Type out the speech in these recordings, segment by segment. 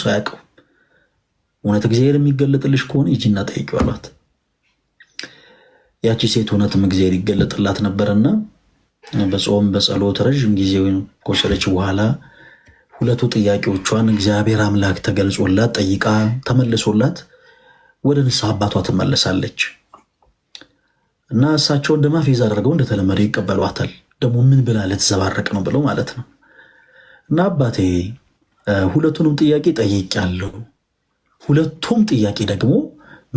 ሰው ያውቀው እውነት እግዚአብሔር የሚገለጥልሽ ከሆነ ይቺና ጠይቂው አሏት። ያቺ ሴት እውነትም እግዚአብሔር ይገለጥላት ነበርና በጾም በጸሎት ረዥም ጊዜ ቆሰለች በኋላ ሁለቱ ጥያቄዎቿን እግዚአብሔር አምላክ ተገልጾላት ጠይቃ ተመልሶላት ወደ ንስሐ አባቷ ትመለሳለች እና እሳቸው እንደ ማፌዝ አድርገው እንደተለመደው ይቀበሏታል። ደግሞ ምን ብላ ልትዘባረቅ ነው ብለው ማለት ነው እና አባቴ ሁለቱንም ጥያቄ ጠይቄያለሁ። ሁለቱም ጥያቄ ደግሞ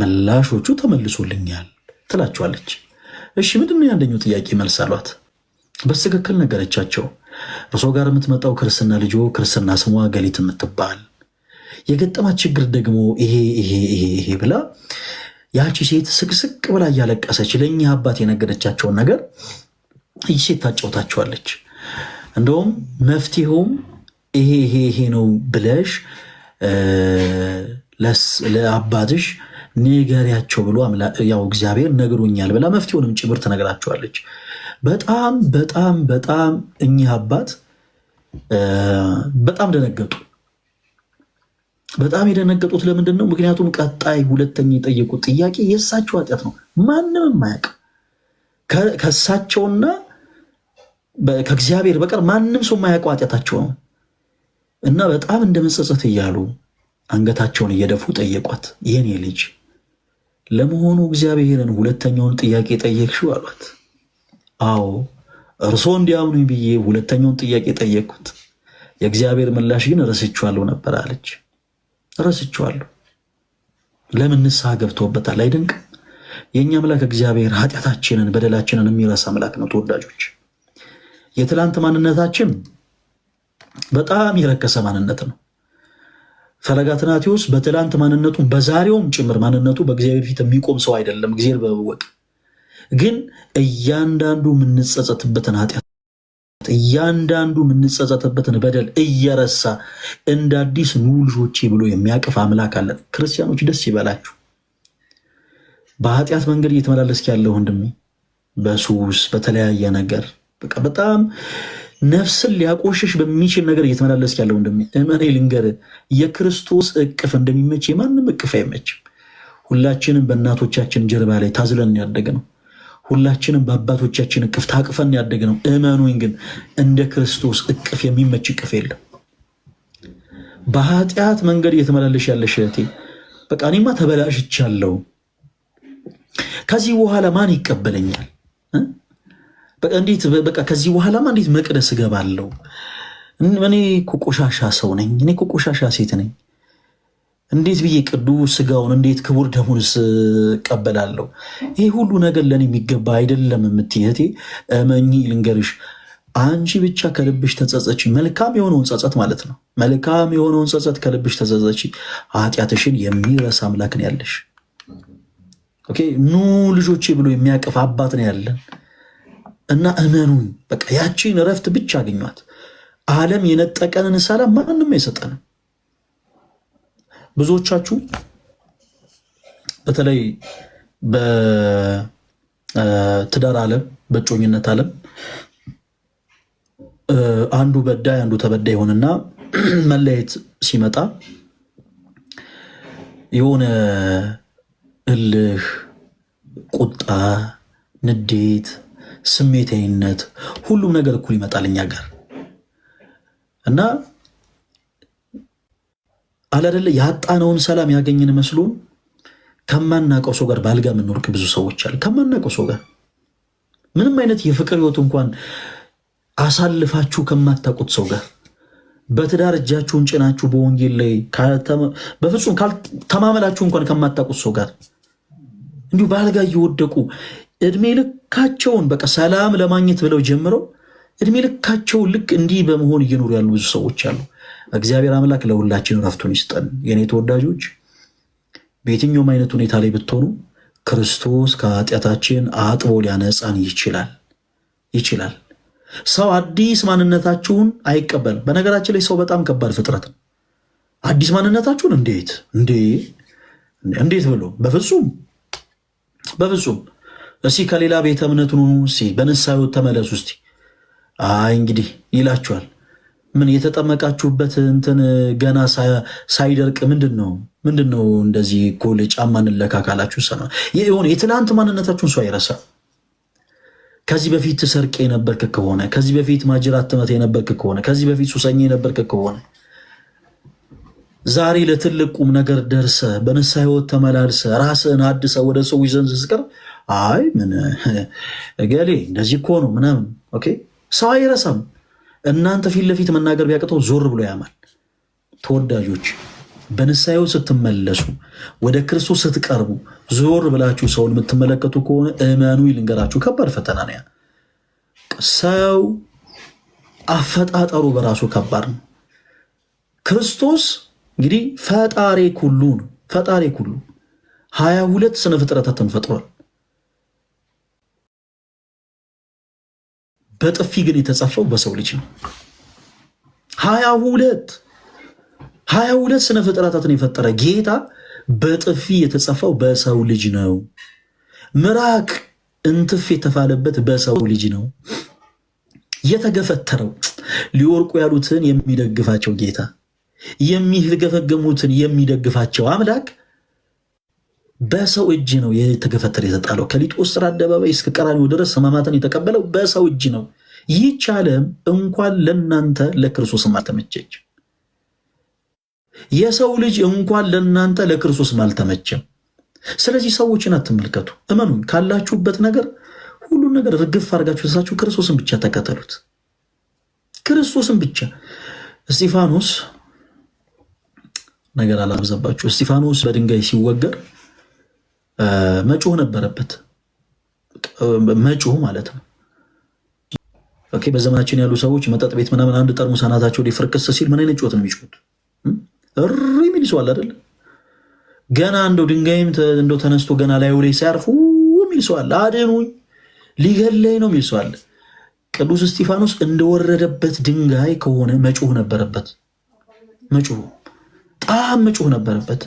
ምላሾቹ ተመልሶልኛል ትላቸዋለች። እሺ ምንድን ነው የአንደኛው ጥያቄ መልስ አሏት። በትክክል ነገረቻቸው። እርሶ ጋር የምትመጣው ክርስትና ልጆ ክርስትና ስሟ ገሊት የምትባል የገጠማት ችግር ደግሞ ይሄ ይሄ ይሄ ይሄ ብላ ያቺ ሴት ስቅስቅ ብላ እያለቀሰች ለእኚህ አባት የነገረቻቸውን ነገር ይህ ሴት ታጫውታቸዋለች። እንደውም መፍትሄውም ይሄ ይሄ ይሄ ነው ብለሽ ለአባትሽ ንገሪያቸው ብሎ ያው እግዚአብሔር ነግሮኛል ብላ መፍትሄውንም ጭምር ትነግራቸዋለች። በጣም በጣም በጣም እኚህ አባት በጣም ደነገጡ። በጣም የደነገጡት ለምንድን ነው? ምክንያቱም ቀጣይ ሁለተኛ የጠየቁት ጥያቄ የእሳቸው ኃጢአት ነው። ማንም አያውቅም ከእሳቸውና ከእግዚአብሔር በቀር ማንም ሰው የማያውቀው ኃጢአታቸው ነው። እና በጣም እንደ እያሉ አንገታቸውን እየደፉ ጠየቋት። የኔ ልጅ ለመሆኑ እግዚአብሔርን ሁለተኛውን ጥያቄ ጠየቅሽው? አሏት። አዎ እርስዎ እንዲያምኑኝ ብዬ ሁለተኛውን ጥያቄ ጠየቅኩት። የእግዚአብሔር ምላሽ ግን ረስቼዋለሁ ነበር አለች። ረስቼዋለሁ። ለምን ንስሐ ገብቶበታል። አይደንቅም? የእኛ አምላክ እግዚአብሔር ኃጢአታችንን በደላችንን የሚረሳ አምላክ ነው። ተወዳጆች የትላንት ማንነታችን በጣም የረከሰ ማንነት ነው። ፈለገ አትናቴዎስ በትላንት ማንነቱ በዛሬውም ጭምር ማንነቱ በእግዚአብሔር ፊት የሚቆም ሰው አይደለም። እግዚአብሔር በመወቅ ግን እያንዳንዱ የምንጸጸትበትን ኃጢአት እያንዳንዱ የምንጸጸትበትን በደል እየረሳ እንደ አዲስ ኑ ልጆቼ ብሎ የሚያቅፍ አምላክ አለን። ክርስቲያኖች ደስ ይበላችሁ። በኃጢአት መንገድ እየተመላለስክ ያለ ወንድሜ፣ በሱስ በተለያየ ነገር በቃ በጣም ነፍስን ሊያቆሽሽ በሚችል ነገር እየተመላለስ ያለው ወንድሜ እመኔ ልንገር፣ የክርስቶስ እቅፍ እንደሚመች የማንም እቅፍ አይመችም። ሁላችንም በእናቶቻችን ጀርባ ላይ ታዝለን ያደግ ነው። ሁላችንም በአባቶቻችን እቅፍ ታቅፈን ያደግ ነው። እመኑኝ ግን እንደ ክርስቶስ እቅፍ የሚመች እቅፍ የለም። በኃጢአት መንገድ እየተመላለሽ ያለሽ እህቴ፣ በቃ እኔማ ተበላሽቻለሁ፣ ከዚህ በኋላ ማን ይቀበለኛል? እንዴት በቃ ከዚህ በኋላማ እንዴት መቅደስ እገባለሁ? እኔ እኮ ቆሻሻ ሰው ነኝ። እኔ እኮ ቆሻሻ ሴት ነኝ። እንዴት ብዬ ቅዱስ ስጋውን እንዴት ክቡር ደሙንስ እቀበላለሁ? ይሄ ሁሉ ነገር ለእኔ የሚገባ አይደለም። የምትይህቴ እመኚ ልንገርሽ፣ አንቺ ብቻ ከልብሽ ተጸጸች። መልካም የሆነውን ጸጸት ማለት ነው። መልካም የሆነውን ጸጸት ከልብሽ ተጸጸች። ኃጢአትሽን የሚረሳ አምላክ ነው ያለሽ። ኑ ልጆቼ ብሎ የሚያቅፍ አባት ነው ያለን። እና እመኑኝ፣ በቃ ያቺን እረፍት ብቻ አገኟት። ዓለም የነጠቀንን ሰላም ማንም አይሰጠንም። ብዙዎቻችሁ በተለይ በትዳር ዓለም በእጮኝነት ዓለም አንዱ በዳይ አንዱ ተበዳይ ይሆንና መለያየት ሲመጣ የሆነ እልህ፣ ቁጣ፣ ንዴት ስሜታዊነት፣ ሁሉም ነገር እኩል ይመጣል እኛ ጋር እና አላደለ ያጣነውን ሰላም ያገኝን መስሎን ከማናቀው ሰው ጋር ባልጋ የምንወርቅ ብዙ ሰዎች አለ። ከማናቀው ሰው ጋር ምንም አይነት የፍቅር ህይወት እንኳን አሳልፋችሁ ከማታውቁት ሰው ጋር በትዳር እጃችሁን ጭናችሁ በወንጌል ላይ በፍጹም ተማመላችሁ እንኳን ከማታውቁት ሰው ጋር እንዲሁ ባልጋ እየወደቁ እድሜ ልክ ልካቸውን በቃ ሰላም ለማግኘት ብለው ጀምረው እድሜ ልካቸው ልክ እንዲህ በመሆን እየኖሩ ያሉ ብዙ ሰዎች አሉ። እግዚአብሔር አምላክ ለሁላችን ረፍቱን ይስጠን። የኔ ተወዳጆች በየትኛውም አይነት ሁኔታ ላይ ብትሆኑ ክርስቶስ ከኃጢአታችን አጥቦ ሊያነጻን ይችላል ይችላል። ሰው አዲስ ማንነታችሁን አይቀበልም። በነገራችን ላይ ሰው በጣም ከባድ ፍጥረት ነው። አዲስ ማንነታችሁን እንዴት እንዴ እንዴት ብሎ በፍጹም በፍጹም እስቲ ከሌላ ቤተ እምነት ኑ፣ በንሳዩ ሕይወት ተመለሱ እስቲ አይ እንግዲህ ይላችኋል። ምን የተጠመቃችሁበት እንትን ገና ሳይደርቅ ምንድን ነው ምንድን ነው እንደዚህ ኮል ጫማ ለካ ካላችሁ ሰ የሆነ የትላንት ማንነታችሁን ሰው አይረሳ። ከዚህ በፊት ትሰርቅ የነበርክ ከሆነ ከዚህ በፊት ማጅራት ትመት የነበርክ ከሆነ ከዚህ በፊት ሱሰኛ የነበርክ ከሆነ ዛሬ ለትልቅ ቁም ነገር ደርሰ በንስሐ ሕይወት ተመላልሰ ራስህን አድሰ ወደ ሰዎች ዘንድ ስትቀርብ አይ ምን እገሌ እንደዚህ እኮ ነው ምናምን። ኦኬ ሰው አይረሳም። እናንተ ፊት ለፊት መናገር ቢያቅተው ዞር ብሎ ያማል። ተወዳጆች በንሳኤው ስትመለሱ ወደ ክርስቶስ ስትቀርቡ ዞር ብላችሁ ሰውን የምትመለከቱ ከሆነ እመኑ ይልንገራችሁ፣ ከባድ ፈተና ነው። ሰው አፈጣጠሩ በራሱ ከባድ ነው። ክርስቶስ እንግዲህ ፈጣሪ ኩሉ ነው። ፈጣሪ ኩሉ ሀያ ሁለት ስነ ፍጥረታትን ፈጥሯል። በጥፊ ግን የተጻፈው በሰው ልጅ ነው። ሀያ ሁለት ሀያ ሁለት ስነ ፍጥረታትን የፈጠረ ጌታ በጥፊ የተጻፈው በሰው ልጅ ነው። ምራቅ እንትፍ የተፋለበት በሰው ልጅ ነው። የተገፈተረው ሊወርቁ ያሉትን የሚደግፋቸው ጌታ፣ የሚገፈገሙትን የሚደግፋቸው አምላክ በሰው እጅ ነው የተገፈተረ የተጣለው። ስራ አደባባይ እስከ ቀራኒው ድረስ ሕማማትን የተቀበለው በሰው እጅ ነው። ይህች ዓለም እንኳን ለእናንተ ለክርስቶስም አልተመቸችም። የሰው ልጅ እንኳን ለእናንተ ለክርስቶስም አልተመቸም። ስለዚህ ሰዎችን አትመልከቱ። እመኑን ካላችሁበት ነገር ሁሉን ነገር ርግፍ አድርጋችሁ ሳችሁ ክርስቶስን ብቻ ተከተሉት። ክርስቶስን ብቻ እስጢፋኖስ ነገር አላብዛባችሁ። እስጢፋኖስ በድንጋይ ሲወገር መጮህ ነበረበት። መጮህ ማለት ነው። ኦኬ በዘመናችን ያሉ ሰዎች መጠጥ ቤት ምናምን አንድ ጠርሙስ አናታቸው ሊፍርቅስ ሲል ምን አይነት ጮት ነው የሚጮት? እሪ የሚል ሰው አለ ገና እንደው ድንጋይም እንደው ተነስቶ ገና ላይ ላይ ሲያርፉ የሚል ሰው አለ። አድኑኝ ሊገለኝ ነው የሚል ሰው አለ። ቅዱስ እስጢፋኖስ እንደወረደበት ድንጋይ ከሆነ መጮህ ነበረበት። መጮህ ጣም መጮህ ነበረበት።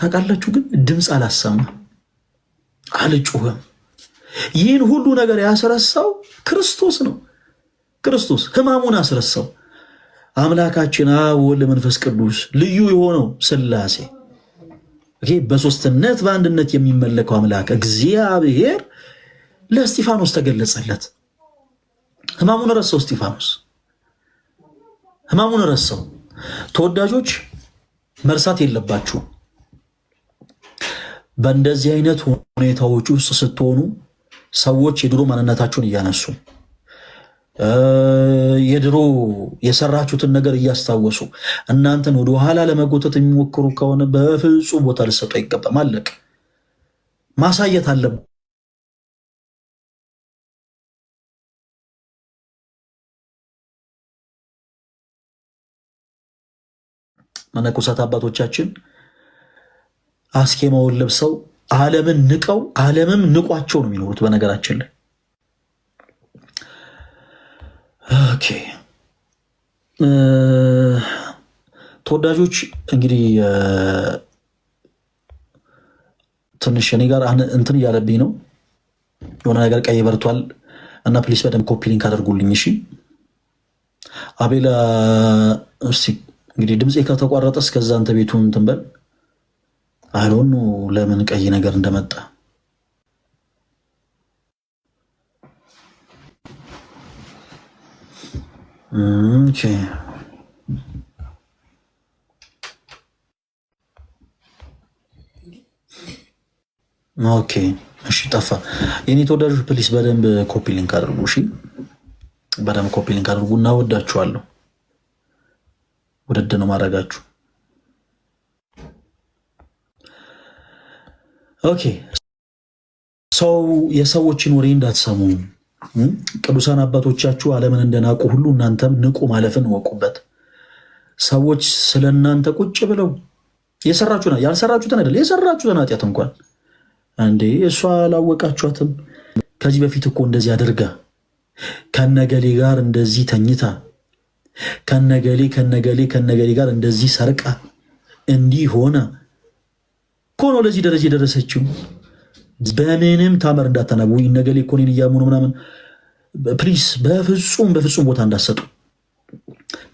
ታውቃላችሁ። ግን ድምፅ አላሰማም፣ አልጩኸም። ይህን ሁሉ ነገር ያስረሳው ክርስቶስ ነው። ክርስቶስ ሕማሙን አስረሳው። አምላካችን አብ ወልድ ቅዱስ ልዩ የሆነው ስላሴ በሶስትነት በአንድነት የሚመለከው አምላክ እግዚአብሔር ለእስጢፋኖስ ተገለጸለት። ሕማሙን ረሳው እስጢፋኖስ ሕማሙን ረሳው። ተወዳጆች መርሳት የለባችሁም። በእንደዚህ አይነት ሁኔታዎች ውስጥ ስትሆኑ ሰዎች የድሮ ማንነታችሁን እያነሱ የድሮ የሰራችሁትን ነገር እያስታወሱ እናንተን ወደ ኋላ ለመጎተት የሚሞክሩ ከሆነ በፍጹም ቦታ ልሰጡ አይገባም። አለቅ ማሳየት አለብ መነኮሳት አባቶቻችን አስኬማውን ለብሰው ዓለምን ንቀው ዓለምም ንቋቸው ነው የሚኖሩት። በነገራችን ላይ ኦኬ ተወዳጆች እንግዲህ ትንሽ እኔ ጋር እንትን እያለብኝ ነው የሆነ ነገር ቀይ በርቷል እና ፕሊስ በደንብ ኮፒ ሊንክ እሺ አቤላ፣ እስኪ እንግዲህ ድምፄ ከተቋረጠ እስከዛ አንተ ቤቱን እንትን በል አሎኑ ለምን ቀይ ነገር እንደመጣ ኦኬ እሺ፣ ጠፋ። የኔ ተወዳጆች ፕሊስ በደንብ ኮፒ ሊንክ አድርጉ። እሺ፣ በደንብ ኮፒ ሊንክ አድርጉ። እናወዳችኋለሁ። ውድድ ነው ማድረጋችሁ። ኦኬ ሰው የሰዎችን ወሬ እንዳትሰሙ። ቅዱሳን አባቶቻችሁ ዓለምን እንደናቁ ሁሉ እናንተም ንቁ ማለፍን ወቁበት። ሰዎች ስለ እናንተ ቁጭ ብለው የሰራችሁ ያልሰራችሁትን አይደለ የሰራችሁትን ኃጢአት እንኳን እንዴ እሷ አላወቃችኋትም? ከዚህ በፊት እኮ እንደዚህ አድርጋ ከነገሌ ጋር እንደዚህ ተኝታ ከነገሌ ከነገሌ ከነገሌ ጋር እንደዚህ ሰርቃ እንዲህ ሆነ እኮ ነው ለዚህ ደረጃ የደረሰችው። በምንም ታምር እንዳታናጉ ወይ ነገሌ እኮ እኔን እያሙ ነው ምናምን። ፕሊስ በፍጹም በፍጹም ቦታ እንዳሰጡ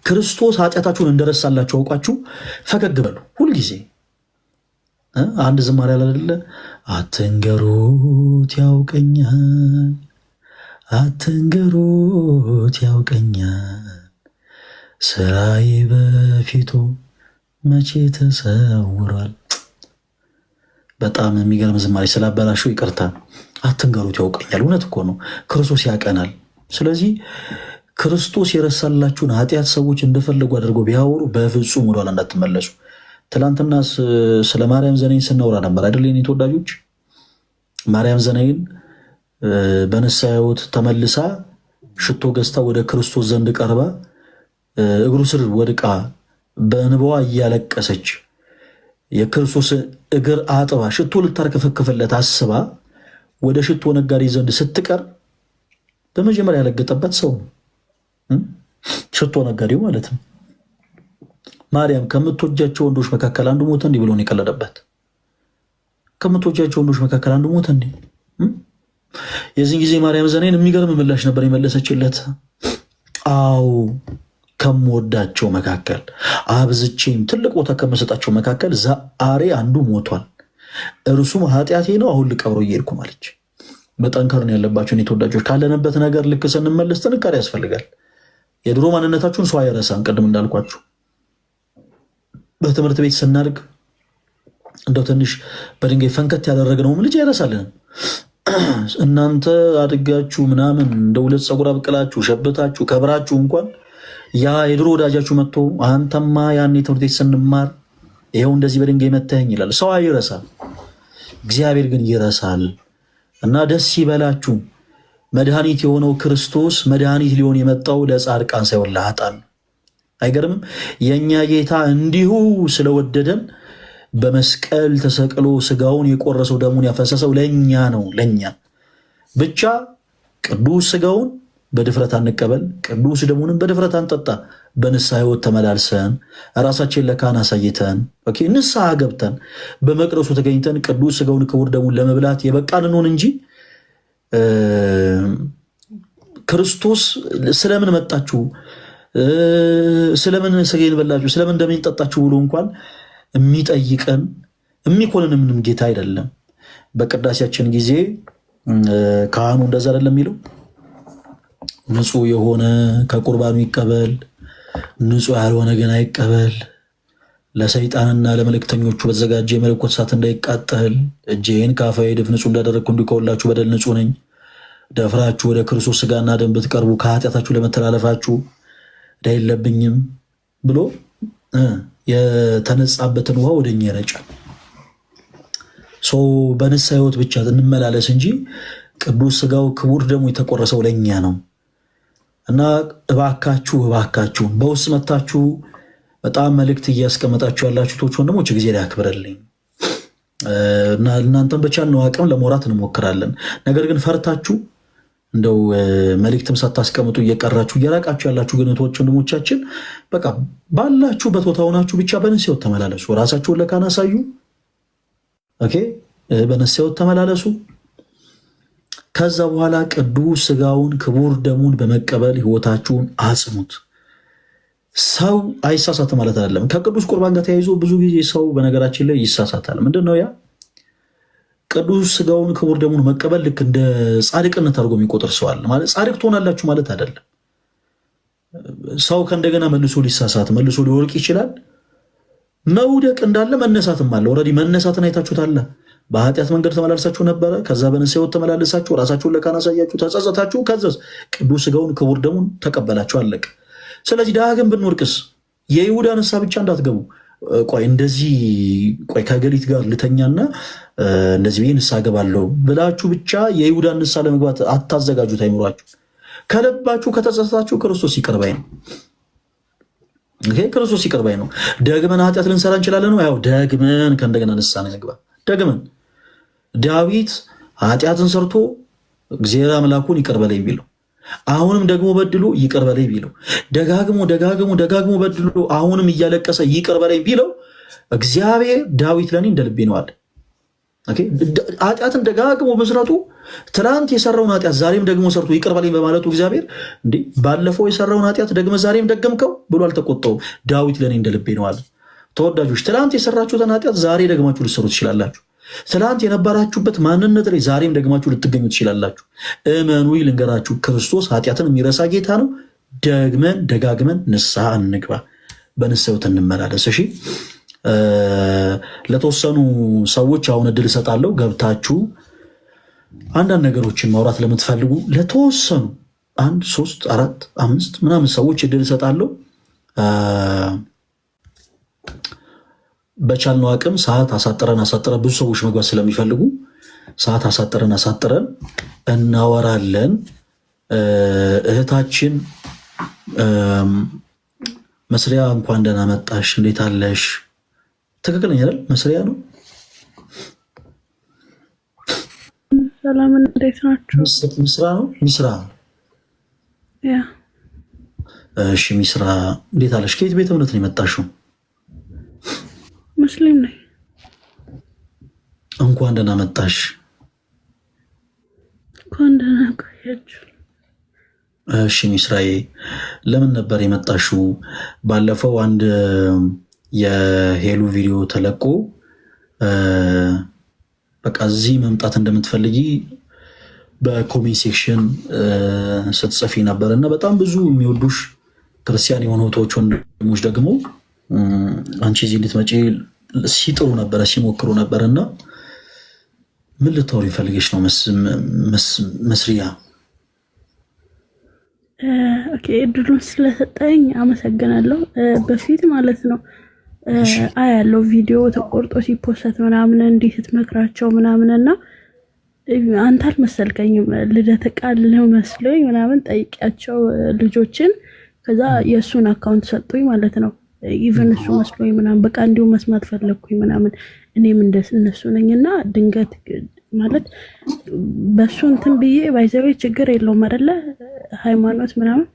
ክርስቶስ ኃጢአታችሁን እንደረሳላችሁ አውቃችሁ ፈገግ በሉ ሁልጊዜ። አንድ ዝማሬ አላደለ አትንገሩት ያውቀኛል፣ አትንገሩት ያውቀኛል፣ ስራዬ በፊቱ መቼ ተሰውሯል። በጣም የሚገርም ዝማሬ ስላበላሹ ይቅርታ አትንገሩት፣ ያውቀኛል። እውነት እኮ ነው፣ ክርስቶስ ያቀናል። ስለዚህ ክርስቶስ የረሳላችሁን ኃጢአት ሰዎች እንደፈለጉ አድርገው ቢያወሩ በፍጹም ወደኋላ እንዳትመለሱ። ትላንትና ስለ ማርያም ዘናይን ስናወራ ነበር አይደል? የኔ ተወዳጆች፣ ማርያም ዘነይን በንስሐ ሕይወት ተመልሳ ሽቶ ገዝታ ወደ ክርስቶስ ዘንድ ቀርባ እግሩ ስር ወድቃ በእንባዋ እያለቀሰች የክርስቶስን እግር አጥባ ሽቶ ልታርከፈክፍለት አስባ ወደ ሽቶ ነጋዴ ዘንድ ስትቀር በመጀመሪያ ያለገጠበት ሰው ነው፣ ሽቶ ነጋዴው ማለት ነው። ማርያም ከምትወጃቸው ወንዶች መካከል አንዱ ሞተ እንዲህ ብሎን የቀለደበት። ከምትወጃቸው ወንዶች መካከል አንዱ ሞተ እንዲህ። የዚህን ጊዜ ማርያም ዘናይን የሚገርም ምላሽ ነበር የመለሰችለት። አዎ ከምወዳቸው መካከል አብዝቼም ትልቅ ቦታ ከምሰጣቸው መካከል ዛሬ አንዱ ሞቷል፣ እርሱም ኃጢአቴ ነው፣ አሁን ልቀብሮ እየሄድኩ ማለች። መጠንከር ነው ያለባቸው እኔ ተወዳጆች። ካለንበት ነገር ልክ ስንመለስ ጥንካሬ ያስፈልጋል። የድሮ ማንነታችሁን ሰው አይረሳም። ቅድም እንዳልኳችሁ በትምህርት ቤት ስናድግ እንደው ትንሽ በድንጋይ ፈንከት ያደረግነውም ልጅ አይረሳልንም። እናንተ አድጋችሁ ምናምን እንደ ሁለት ፀጉር አብቅላችሁ ሸበታችሁ ከብራችሁ እንኳን ያ የድሮ ወዳጃችሁ መጥቶ አንተማ ያኔ ትምህርት ቤት ስንማር ይኸው እንደዚህ በድንጋይ መታኸኝ ይላል። ሰው ይረሳል፣ እግዚአብሔር ግን ይረሳል። እና ደስ ይበላችሁ፣ መድኃኒት የሆነው ክርስቶስ መድኃኒት ሊሆን የመጣው ለጻድቃን ሳይሆን ለኃጥአን። አይገርም? የእኛ ጌታ እንዲሁ ስለወደደን በመስቀል ተሰቅሎ ስጋውን የቆረሰው ደሙን ያፈሰሰው ለእኛ ነው። ለእኛ ብቻ ቅዱስ ስጋውን በድፍረት አንቀበል፣ ቅዱስ ደሙንም በድፍረት አንጠጣ። በንስሐ ህይወት ተመላልሰን ራሳችን ለካህን አሳይተን ንስሐ ገብተን በመቅደሱ ተገኝተን ቅዱስ ስጋውን ክቡር ደሙን ለመብላት የበቃን እንሆን እንጂ ክርስቶስ ስለምን መጣችሁ፣ ስለምን ሥጋዬን በላችሁ፣ ስለምን ደሜን ጠጣችሁ ብሎ እንኳን የሚጠይቀን የሚኮንን ምንም ጌታ አይደለም። በቅዳሴያችን ጊዜ ካህኑ እንደዛ አይደለም የሚለው ንጹህ የሆነ ከቁርባኑ ይቀበል፣ ንጹህ ያልሆነ ግን አይቀበል። ለሰይጣንና ለመልእክተኞቹ በተዘጋጀ የመለኮት እሳት እንዳይቃጠል። እጄን ከአፋዬ ድፍ ንጹህ እንዳደረግኩ እንዲሁ ከሁላችሁ በደል ንጹህ ነኝ። ደፍራችሁ ወደ ክርስቶስ ስጋና ደም ብትቀርቡ ከኃጢአታችሁ ለመተላለፋችሁ ዕዳ የለብኝም ብሎ የተነጻበትን ውሃ ወደ እኛ ይረጫል። ሰው በንስሐ ህይወት ብቻ እንመላለስ እንጂ ቅዱስ ስጋው ክቡር ደግሞ የተቆረሰው ለእኛ ነው። እና እባካችሁ እባካችሁ በውስጥ መታችሁ በጣም መልእክት እያስቀመጣችሁ ያላችሁ ቶች ወንድሞች ጊዜ ሊያክብርልኝ እና እናንተም ብቻ ነው አቅም ለመውራት እንሞክራለን። ነገር ግን ፈርታችሁ እንደው መልእክትም ሳታስቀምጡ እየቀራችሁ እየራቃችሁ ያላችሁ ግንቶች ወንድሞቻችን በቃ ባላችሁ ቦታ ሆናችሁ ብቻ በነፍስ ተመላለሱ። ራሳችሁን ለካን አሳዩ። ኦኬ፣ በነፍስ ተመላለሱ። ከዛ በኋላ ቅዱስ ስጋውን ክቡር ደሙን በመቀበል ህይወታችሁን አጽኑት። ሰው አይሳሳትም ማለት አይደለም። ከቅዱስ ቁርባን ጋር ተያይዞ ብዙ ጊዜ ሰው በነገራችን ላይ ይሳሳታል። ምንድን ነው ያ ቅዱስ ስጋውን ክቡር ደሙን መቀበል ልክ እንደ ጻድቅነት አድርጎ የሚቆጥር ሰዋል ማለት ጻድቅ ትሆናላችሁ ማለት አይደለም። ሰው ከእንደገና መልሶ ሊሳሳት መልሶ ሊወርቅ ይችላል። መውደቅ እንዳለ መነሳትም አለ። ኦልሬዲ መነሳትን አይታችሁታል። በኃጢአት መንገድ ተመላልሳችሁ ነበረ። ከዛ በንስሐ ሕይወት ተመላለሳችሁ፣ ራሳችሁን ለካህን አሳያችሁ፣ ተጸጸታችሁ። ከዛስ ቅዱስ ሥጋውን ክቡር ደሙን ተቀበላችሁ፣ አለቀ። ስለዚህ ዳግም ብንወርቅስ የይሁዳ ንስሐ ብቻ እንዳትገቡ። ቆይ እንደዚህ ቆይ ከገሊት ጋር ልተኛና እንደዚህ ብዬ ንስሐ እገባለሁ ብላችሁ ብቻ የይሁዳ ንስሐ ለመግባት አታዘጋጁት አይምሯችሁ። ከልባችሁ ከተጸጸታችሁ ክርስቶስ ይቅር ባይ ነው። ክርስቶስ ይቅር ባይ ነው። ደግመን ኃጢአት ልንሰራ እንችላለን ነው ያው ደግመን ከእንደገና ንስሐ ነው ደግመን ዳዊት ኃጢአትን ሰርቶ እግዚአብሔር አምላኩን ይቅር በለኝ ቢለው አሁንም ደግሞ በድሎ ይቅር በለኝ ቢለው ደጋግሞ ደጋግሞ ደጋግሞ በድሎ አሁንም እያለቀሰ ይቅር በለኝ ቢለው እግዚአብሔር ዳዊት ለእኔ እንደ ልቤ ነው አለ። ኃጢአትን ደጋግሞ መስራቱ ትናንት የሰራውን ኃጢአት ዛሬም ደግሞ ሰርቶ ይቅር በለኝ በማለቱ እግዚአብሔር እንዴ ባለፈው የሰራውን ኃጢአት ደግመ ዛሬም ደገምከው ብሎ አልተቆጣውም። ዳዊት ለእኔ እንደ ልቤ ነው አለ። ተወዳጆች ትላንት የሰራችሁትን ኃጢአት ዛሬ ደግማችሁ ልትሰሩ ትችላላችሁ። ትላንት የነበራችሁበት ማንነት ላይ ዛሬም ደግማችሁ ልትገኙ ትችላላችሁ። እመኑ፣ ልንገራችሁ፣ ክርስቶስ ኃጢአትን የሚረሳ ጌታ ነው። ደግመን ደጋግመን ንስሐ እንግባ፣ በንስሐት እንመላለስ። እሺ፣ ለተወሰኑ ሰዎች አሁን እድል እሰጣለሁ። ገብታችሁ አንዳንድ ነገሮችን ማውራት ለምትፈልጉ ለተወሰኑ አንድ ሶስት አራት አምስት ምናምን ሰዎች እድል እሰጣለሁ። በቻልነው አቅም ሰዓት አሳጥረን አሳጥረን ብዙ ሰዎች መግባት ስለሚፈልጉ ሰዓት አሳጥረን አሳጥረን እናወራለን። እህታችን መስሪያ እንኳን ደህና መጣሽ፣ እንዴት አለሽ? ትክክለኛ አይደል? መስሪያ ነው። ሰላም፣ እንዴት ሚስራ ነው። ሚስራ እሺ፣ ሚስራ እንዴት አለሽ? ከየት ቤተ እምነት ነው የመጣሽው? ሙስሊም ነኝ። እንኳን ደህና መጣሽ። እንኳን ደህና ቆያችሁ። እሺ ሚስራዬ፣ ለምን ነበር የመጣሽው? ባለፈው አንድ የሄሉ ቪዲዮ ተለቆ በቃ እዚህ መምጣት እንደምትፈልጊ በኮሜንት ሴክሽን ስትጽፊ ነበር እና በጣም ብዙ የሚወዱሽ ክርስቲያን የሆኑ እህቶች ወንድሞች ደግሞ አንቺ እዚህ እንድትመጪ ሲጥሩ ነበረ፣ ሲሞክሩ ነበር እና ምን ልታወሪ ፈልገሽ ነው መስሪያ? እድሉን ስለሰጠኝ አመሰግናለሁ። በፊት ማለት ነው አያለው ቪዲዮ ተቆርጦ ሲፖሰት ምናምን እንዲህ ስትመክራቸው ምናምን እና አንተ አልመሰልከኝም ልደተ ቃል መስሎኝ ምናምን ጠይቂያቸው ልጆችን፣ ከዛ የእሱን አካውንት ሰጡኝ ማለት ነው ኢቨን እሱ መስሎኝ ምናምን በቃ እንዲሁ መስማት ፈለግኩኝ ምናምን እኔም እንደ እነሱ ነኝ እና ድንገት ማለት በእሱ እንትን ብዬ ባይዘቤ ችግር የለውም አደለ ሃይማኖት ምናምን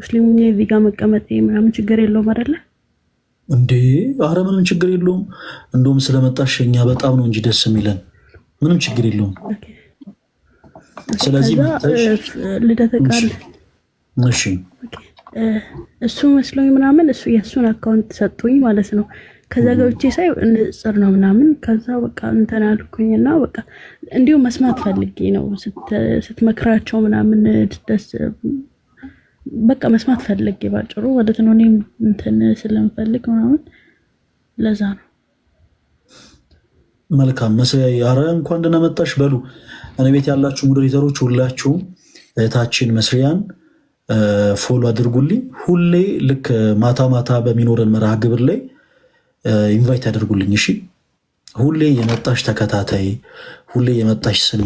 ሙስሊሙ እዚህ መቀመጥ ምናምን ችግር የለውም አደለ እንዴ አረ ምንም ችግር የለውም እንደውም ስለመጣሽ እኛ በጣም ነው እንጂ ደስ የሚለን ምንም ችግር የለውም ስለዚህ ልደተቃል እሺ እሱ መስሎኝ ምናምን እሱ የእሱን አካውንት ሰጡኝ ማለት ነው። ከዛ ገብቼ ሳይ ንጽር ነው ምናምን። ከዛ በቃ እንትን አልኩኝ እና በቃ እንዲሁ መስማት ፈልጌ ነው ስትመክራቸው ምናምን ደስ በቃ መስማት ፈልጌ ባጭሩ ማለት ነው። እኔም እንትን ስለምፈልግ ምናምን ለዛ ነው። መልካም መስያ አረ እንኳን ደህና መጣሽ በሉ። እኔ ቤት ያላችሁ ሞዴሬተሮች ሁላችሁም እህታችን መስሪያን ፎሎ አድርጉልኝ። ሁሌ ልክ ማታ ማታ በሚኖረን መርሃ ግብር ላይ ኢንቫይት አድርጉልኝ። እሺ፣ ሁሌ የመጣሽ ተከታታይ፣ ሁሌ የመጣሽ ስሚ።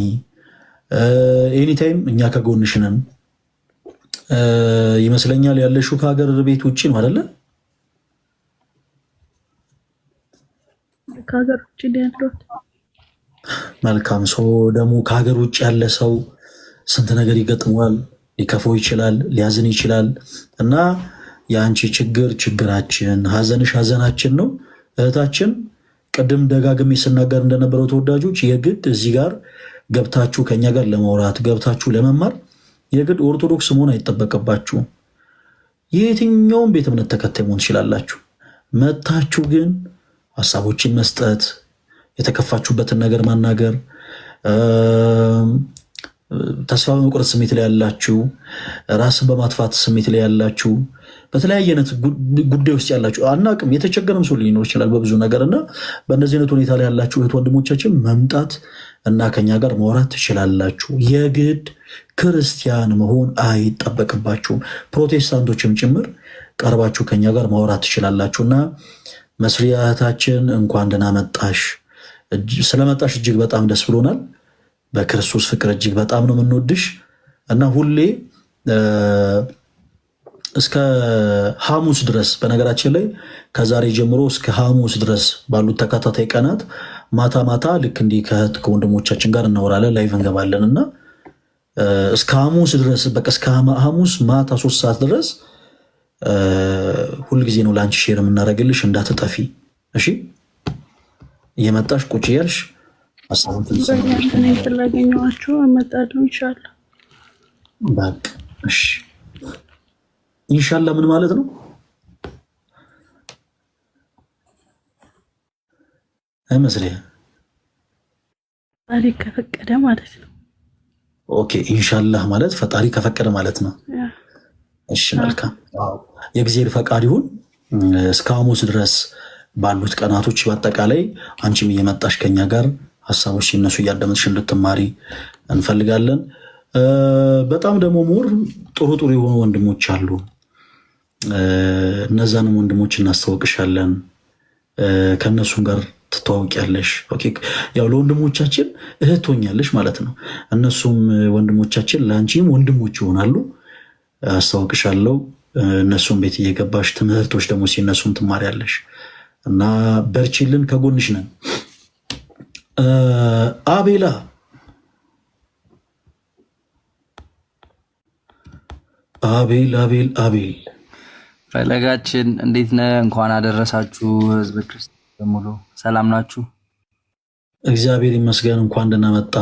ኤኒታይም እኛ ከጎንሽ ነን። ይመስለኛል ያለሽው ከሀገር ቤት ውጭ ነው አይደለ? ከሀገር ውጭ መልካም ሰው ደግሞ ከሀገር ውጭ ያለ ሰው ስንት ነገር ይገጥመዋል። ሊከፈው ይችላል፣ ሊያዝን ይችላል እና የአንቺ ችግር ችግራችን፣ ሀዘንሽ ሀዘናችን ነው። እህታችን ቅድም ደጋግሜ ስናገር እንደነበረው ተወዳጆች የግድ እዚህ ጋር ገብታችሁ ከኛ ጋር ለማውራት ገብታችሁ ለመማር የግድ ኦርቶዶክስ መሆን አይጠበቅባችሁም። የየትኛውም ቤተ እምነት ተከታይ መሆን ትችላላችሁ። መታችሁ ግን ሀሳቦችን መስጠት፣ የተከፋችሁበትን ነገር ማናገር ተስፋ በመቁረጥ ስሜት ላይ ያላችሁ፣ ራስን በማጥፋት ስሜት ላይ ያላችሁ፣ በተለያየ አይነት ጉዳይ ውስጥ ያላችሁ አናቅም የተቸገረም ሰው ሊኖር ይችላል በብዙ ነገር እና በእነዚህ አይነት ሁኔታ ላይ ያላችሁ እህት ወንድሞቻችን መምጣት እና ከኛ ጋር ማውራት ትችላላችሁ። የግድ ክርስቲያን መሆን አይጠበቅባችሁም። ፕሮቴስታንቶችም ጭምር ቀርባችሁ ከኛ ጋር ማውራት ትችላላችሁ እና መስሪያታችን እንኳን ደህና መጣሽ። ስለመጣሽ እጅግ በጣም ደስ ብሎናል። በክርስቶስ ፍቅር እጅግ በጣም ነው የምንወድሽ እና ሁሌ እስከ ሐሙስ ድረስ በነገራችን ላይ ከዛሬ ጀምሮ እስከ ሐሙስ ድረስ ባሉት ተከታታይ ቀናት ማታ ማታ ልክ እንዲህ ከእህት ከወንድሞቻችን ጋር እናወራለን፣ ላይቭ እንገባለን እና እስከ ሐሙስ ድረስ በቃ እስከ ሐሙስ ማታ ሶስት ሰዓት ድረስ ሁልጊዜ ነው ለአንቺ ሼር የምናደርግልሽ። እንዳትጠፊ እሺ፣ እየመጣሽ ቁጭ እያልሽ ስላገኘኋቸው እመጣለሁ። እንሻላ በቃ እሺ። ኢንሻላ ምን ማለት ነው? አይመስልህም? ፈጣሪ ከፈቀደ ማለት ነው። ኦኬ ኢንሻላህ ማለት ፈጣሪ ከፈቀደ ማለት ነው። እሺ መልካም። የእግዚአብሔር ፈቃድ ይሁን። እስከ ሐሙስ ድረስ ባሉት ቀናቶች በአጠቃላይ አንቺም እየመጣሽ ከኛ ጋር ሀሳቦች ሲነሱ እያዳመጥሽ እንድትማሪ እንፈልጋለን። በጣም ደግሞ ሞር ጥሩ ጥሩ የሆኑ ወንድሞች አሉ። እነዛንም ወንድሞች እናስታወቅሻለን። ከእነሱም ጋር ትተዋውቂያለሽ። ያው ለወንድሞቻችን እህት ትሆኛለሽ ማለት ነው። እነሱም ወንድሞቻችን ለአንቺም ወንድሞች ይሆናሉ። አስታወቅሻለሁ። እነሱም ቤት እየገባሽ ትምህርቶች ደግሞ ሲነሱም ትማሪያለሽ እና በርቺልን፣ ከጎንሽ ነን። አቤላ አቤል አቤል አቤል ፈለጋችን እንዴት ነህ? እንኳን አደረሳችሁ ህዝብ ክርስቲያን በሙሉ ሰላም ናችሁ? እግዚአብሔር ይመስገን። እንኳን ደህና መጣ።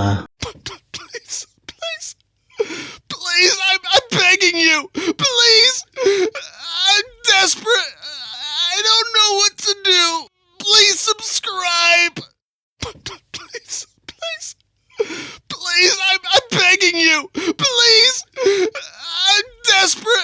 Please subscribe. please, please, please, I'm, I'm begging you, please, I'm desperate.